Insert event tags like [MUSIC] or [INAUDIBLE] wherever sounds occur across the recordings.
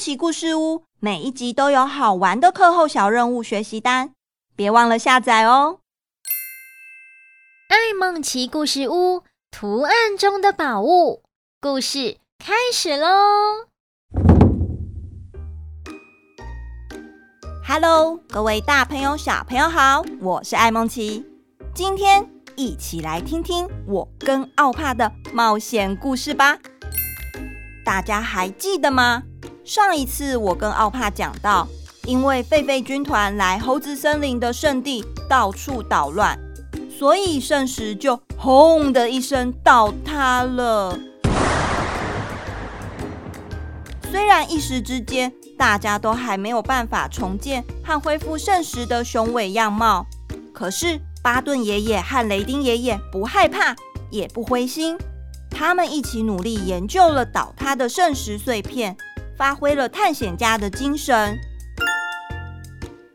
奇故事屋每一集都有好玩的課後小任務學習單，別忘了下載哦！愛孟奇故事屋圖案中的寶物故事開始嘍！Hello，各位大朋友小朋友好，我是愛孟奇，今天一起來聽聽我跟奧帕的冒險故事吧！大家還記得嗎？上一次我跟奧帕講到，因為狒狒軍團來猴子森林的聖地到處搗亂，所以聖石就轟的一聲倒塌了。雖然一時之間大家都還沒有辦法重建和恢復聖石的雄偉樣貌，可是巴頓爺爺和雷丁爺爺不害怕也不灰心，他們一起努力研究了倒塌的聖石碎片。發揮了探險家的精神，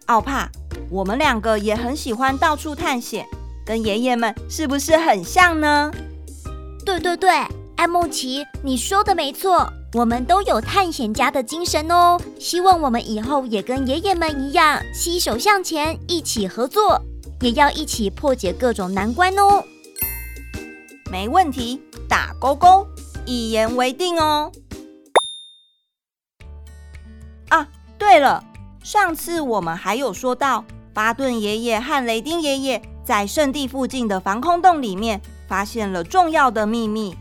奧帕，我們兩個也很喜歡到處探險，跟爺爺們是不是很像呢？對對對，愛孟奇，你說的沒錯，我們都有探險家的精神哦。希望我們以後也跟爺爺們一樣，攜手向前，一起合作，也要一起破解各種難關哦。沒問題，打勾勾，一言為定哦。對了，上次我們還有說到，巴頓爺爺和雷丁爺爺在聖地附近的防空洞裡面發現了重要的祕密，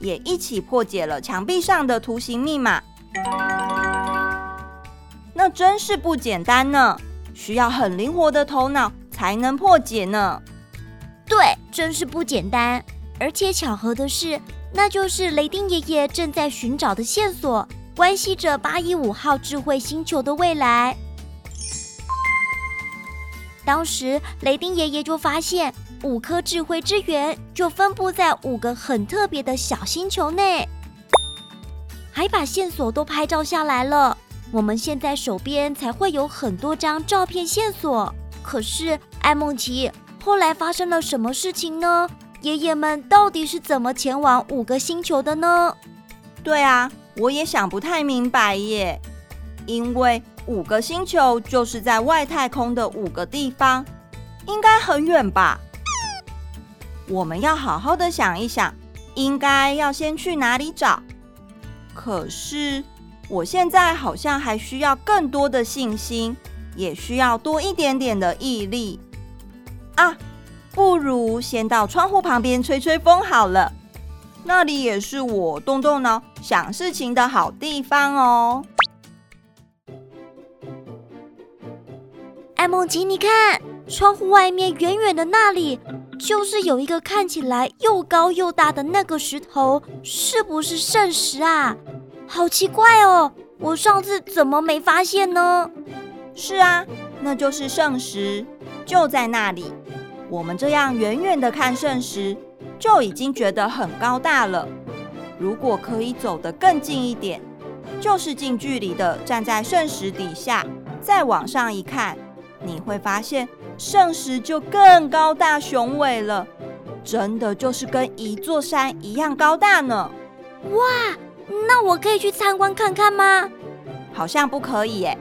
也一起破解了牆壁上的圖形密碼。那真是不簡單呢，需要很靈活的頭腦才能破解呢。對，真是不簡單。而且巧合的是，那就是雷丁爺爺正在尋找的線索。關係着八一五號智慧星球的未來。當時雷丁爺爺就發現，五顆智慧之源就分佈在五個很特別的小星球內，還把線索都拍照下來了。我們現在手邊才會有很多張照片線索。可是愛孟奇，後來發生了什麼事情呢？爺爺們到底是怎麼前往五個星球的呢？對啊。我也想不太明白耶，因為五個星球就是在外太空的五個地方，應該很遠吧？我們要好好的想一想，應該要先去哪裡找。可是我現在好像還需要更多的信心，也需要多一點點的毅力啊！不如先到窗戶旁邊吹吹風好了。那裡也是我動動腦想事情的好地方哦。愛孟奇，你看，窗戶外面遠遠的那裡，就是有一個看起來又高又大的那個石頭，是不是聖石啊？好奇怪哦，我上次怎麼沒發現呢？是啊，那就是聖石，就在那裡。我們這樣遠遠的看聖石。就已經覺得很高大了。如果可以走得更近一點，就是近距離的站在聖石底下，再往上一看，你會發現聖石就更高大雄偉了，真的就是跟一座山一樣高大呢。哇，那我可以去參觀看看嗎？好像不可以耶，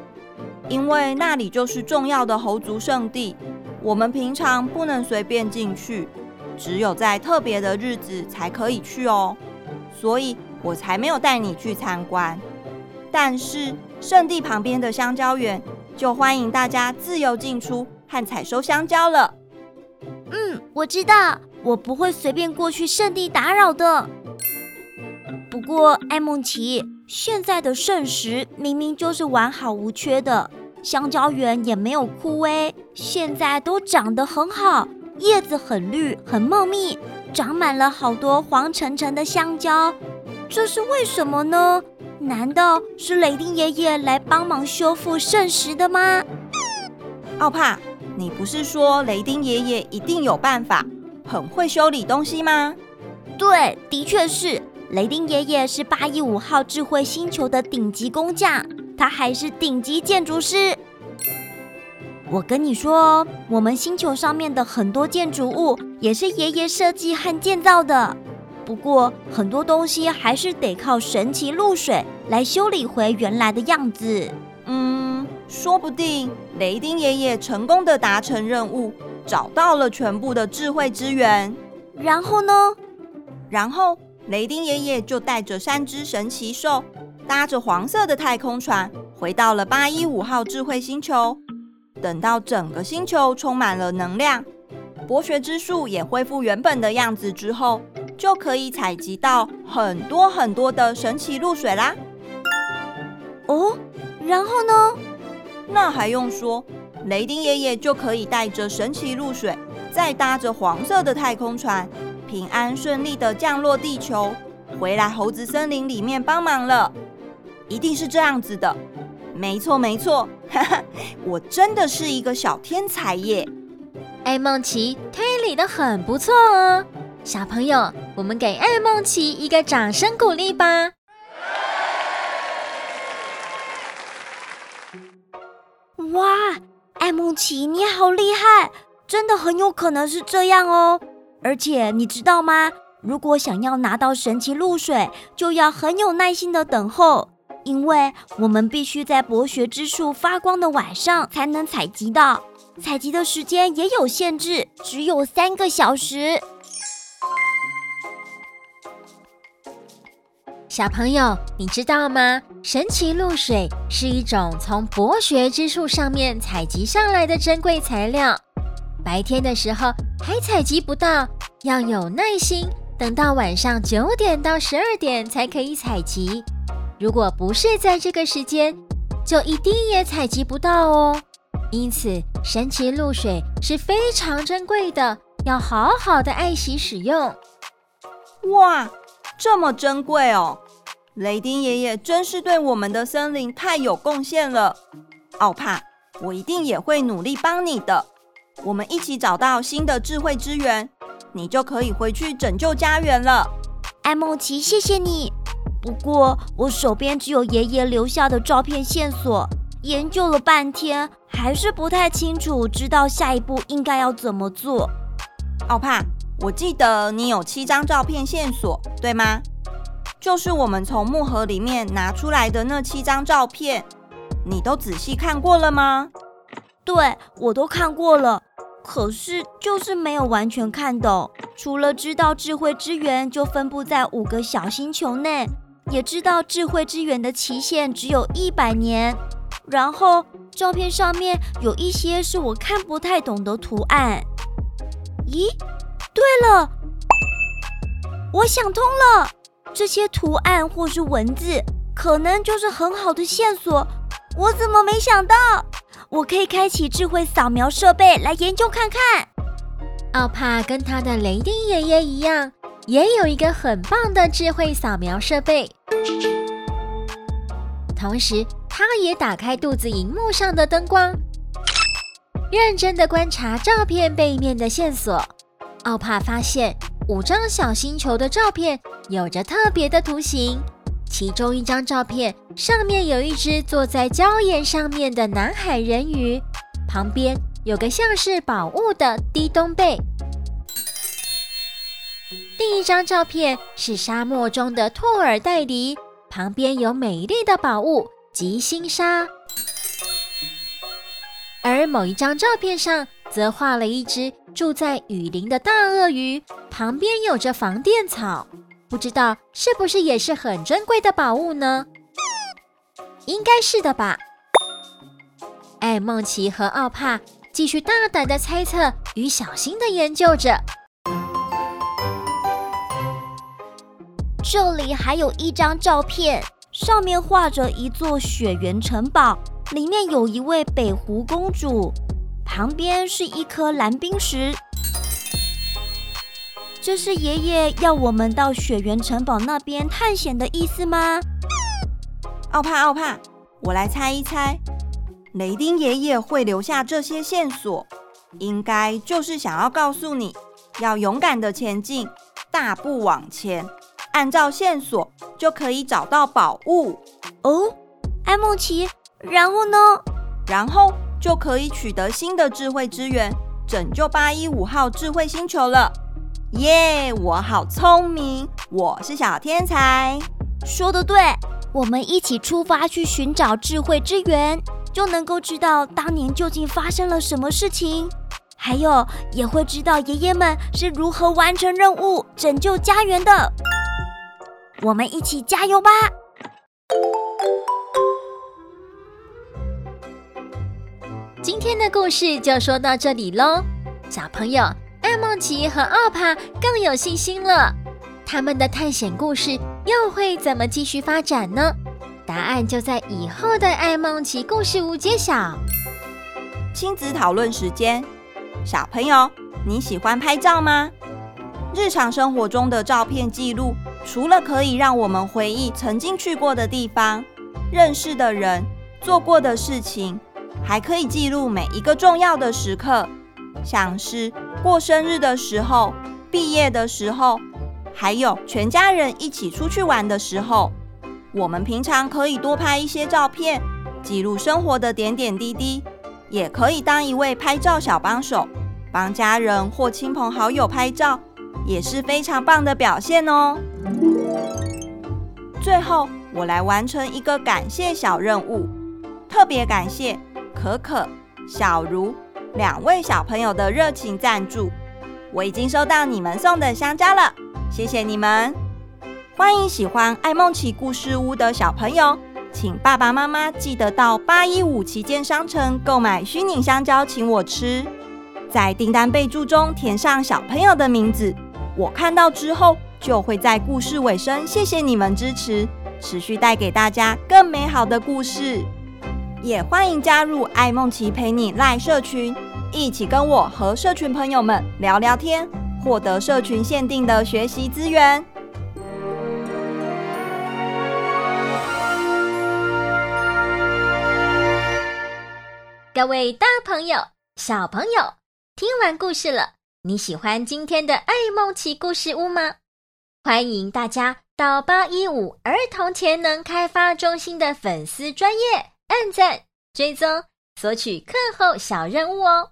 因為那裡就是重要的猴族聖地，我們平常不能隨便進去。只有在特別的日子才可以去哦，所以我才沒有帶你去參觀。但是，聖地旁邊的香蕉園就歡迎大家自由進出和採收香蕉了。嗯，我知道，我不會隨便過去聖地打擾的。不過，愛孟奇，現在的聖石明明就是完好無缺的，香蕉園也沒有枯萎，現在都長得很好。葉子很綠，很茂密，長滿了好多黃澄澄的香蕉，這是為什麼呢？難道是雷丁爺爺來幫忙修復聖石的嗎？奧帕，你不是說雷丁爺爺一定有辦法，很會修理東西嗎？對，的確是，雷丁爺爺是八一五號智慧星球的頂級工匠，他還是頂級建築師。我跟你說哦，我們星球上面的很多建築物也是爺爺設計和建造的。不過，很多東西還是得靠神奇露水來修理回原來的樣子。嗯，說不定雷丁爺爺成功的達成任務，找到了全部的智慧之源。然後呢？然後雷丁爺爺就帶着三隻神奇獸，搭着黃色的太空船，回到了八一五號智慧星球。等到整個星球充滿了能量，博學之樹也恢復原本的樣子之後，就可以採集到很多很多的神奇露水啦。哦，然後呢？那還用說，雷丁爺爺就可以帶着神奇露水，再搭着黃色的太空船，平安順利的降落地球，回來猴子森林裡面幫忙了。一定是這樣子的，沒錯沒錯。哈哈， [LAUGHS] 我真的是一個小天才耶！愛孟奇推理得很不錯哦。小朋友，我們給愛孟奇一個掌聲鼓勵吧！哇，愛孟奇你好厲害，真的很有可能是這樣哦。而且你知道嗎？如果想要拿到神奇露水，就要很有耐心的等候。因為我們必須在博學之樹發光的晚上才能採集到，採集的時間也有限制，只有三個小時。小朋友，你知道嗎？神奇露水是一種從博學之樹上面採集上來的珍貴材料，白天的時候還採集不到，要有耐心，等到晚上九點到十二點才可以採集。如果不是在這個時間，就一滴也採集不到哦。因此，神奇露水是非常珍貴的，要好好的愛惜使用。哇，這麼珍貴哦！雷丁爺爺真是對我們的森林太有貢獻了。奧帕，我一定也會努力幫你的。我們一起找到新的智慧之源，你就可以回去拯救家園了。愛孟奇，謝謝你。不過我手邊只有爺爺留下的照片線索，研究了半天還是不太清楚，知道下一步應該要怎麼做。奧帕，我記得你有七張照片線索，對嗎？就是我們從木盒裡面拿出來的那七張照片，你都仔細看過了嗎？對，我都看過了，可是就是沒有完全看懂，除了知道智慧之源就分布在五個小星球內。也知道智慧之源的期限只有一百年，然後照片上面有一些是我看不太懂的圖案。咦，對了，我想通了，這些圖案或是文字，可能就是很好的線索。我怎麼沒想到？我可以開啟智慧掃描設備來研究看看。奧帕跟他的雷丁爺爺一樣，也有一個很棒的智慧掃描設備，同時他也打開肚子熒幕上的燈光，認真地觀察照片背面的線索。奧帕發現五張小星球的照片有着特別的圖形，其中一張照片上面有一隻坐在礁岩上面的南海人魚，旁邊有個像是寶物的低東貝。另一張照片是沙漠中的兔耳袋狸，旁邊有美麗的寶物——吉星沙。而某一張照片上，則畫了一隻住在雨林的大鱷魚，旁邊有着防電草。不知道是不是也是很珍貴的寶物呢？應該是的吧。愛孟奇和奧帕繼續大膽的猜測與小心的研究着。這裡還有一張照片，上面畫着一座雪原城堡，裡面有一位北湖公主，旁邊是一顆藍冰石。這是爺爺要我們到雪原城堡那邊探險的意思嗎？奧帕奧帕，我來猜一猜，雷丁爺爺會留下這些線索，應該就是想要告訴你要勇敢地前進，大步往前。按照線索就可以找到寶物哦，愛孟奇。然後呢？然後就可以取得新的智慧之源，拯救八一五號智慧星球了。耶、yeah！我好聰明，我是小天才。說得對，我們一起出發去尋找智慧之源，就能夠知道當年究竟發生了什麼事情，還有也會知道爺爺們是如何完成任務、拯救家園的。我們一起加油吧！今天的故事就說到這裡嘍。小朋友，愛孟奇和奧帕更有信心了。他們的探險故事又會怎麼繼續發展呢？答案就在以後的愛孟奇故事屋揭曉。親子討論時間，小朋友，你喜歡拍照嗎？日常生活中的照片記錄。除了可以讓我們回憶曾經去過的地方、認識的人、做過的事情，還可以記錄每一個重要的時刻，像是過生日的時候、畢業的時候，還有全家人一起出去玩的時候。我們平常可以多拍一些照片，記錄生活的點點滴滴，也可以當一位拍照小幫手，幫家人或親朋好友拍照，也是非常棒的表現哦。最後，我來完成一個感謝小任務。特別感謝可可、小如兩位小朋友的熱情贊助，我已經收到你們送的香蕉了，謝謝你們！歡迎喜歡愛夢奇故事屋的小朋友，請爸爸媽媽記得到八一五旗艦商城購買虛擬香蕉，請我吃，在訂單備注中填上小朋友的名字，我看到之後。就會在故事尾聲。謝謝你們支持，持續帶給大家更美好的故事。也歡迎加入“愛孟奇陪你 Line” 社群，一起跟我和社群朋友們聊聊天，獲得社群限定的學習資源。各位大朋友、小朋友，聽完故事了，你喜歡今天的“愛孟奇故事屋”嗎？歡迎大家到八一五兒童潛能開發中心的粉絲專頁按讚、追蹤、索取課後小任務哦。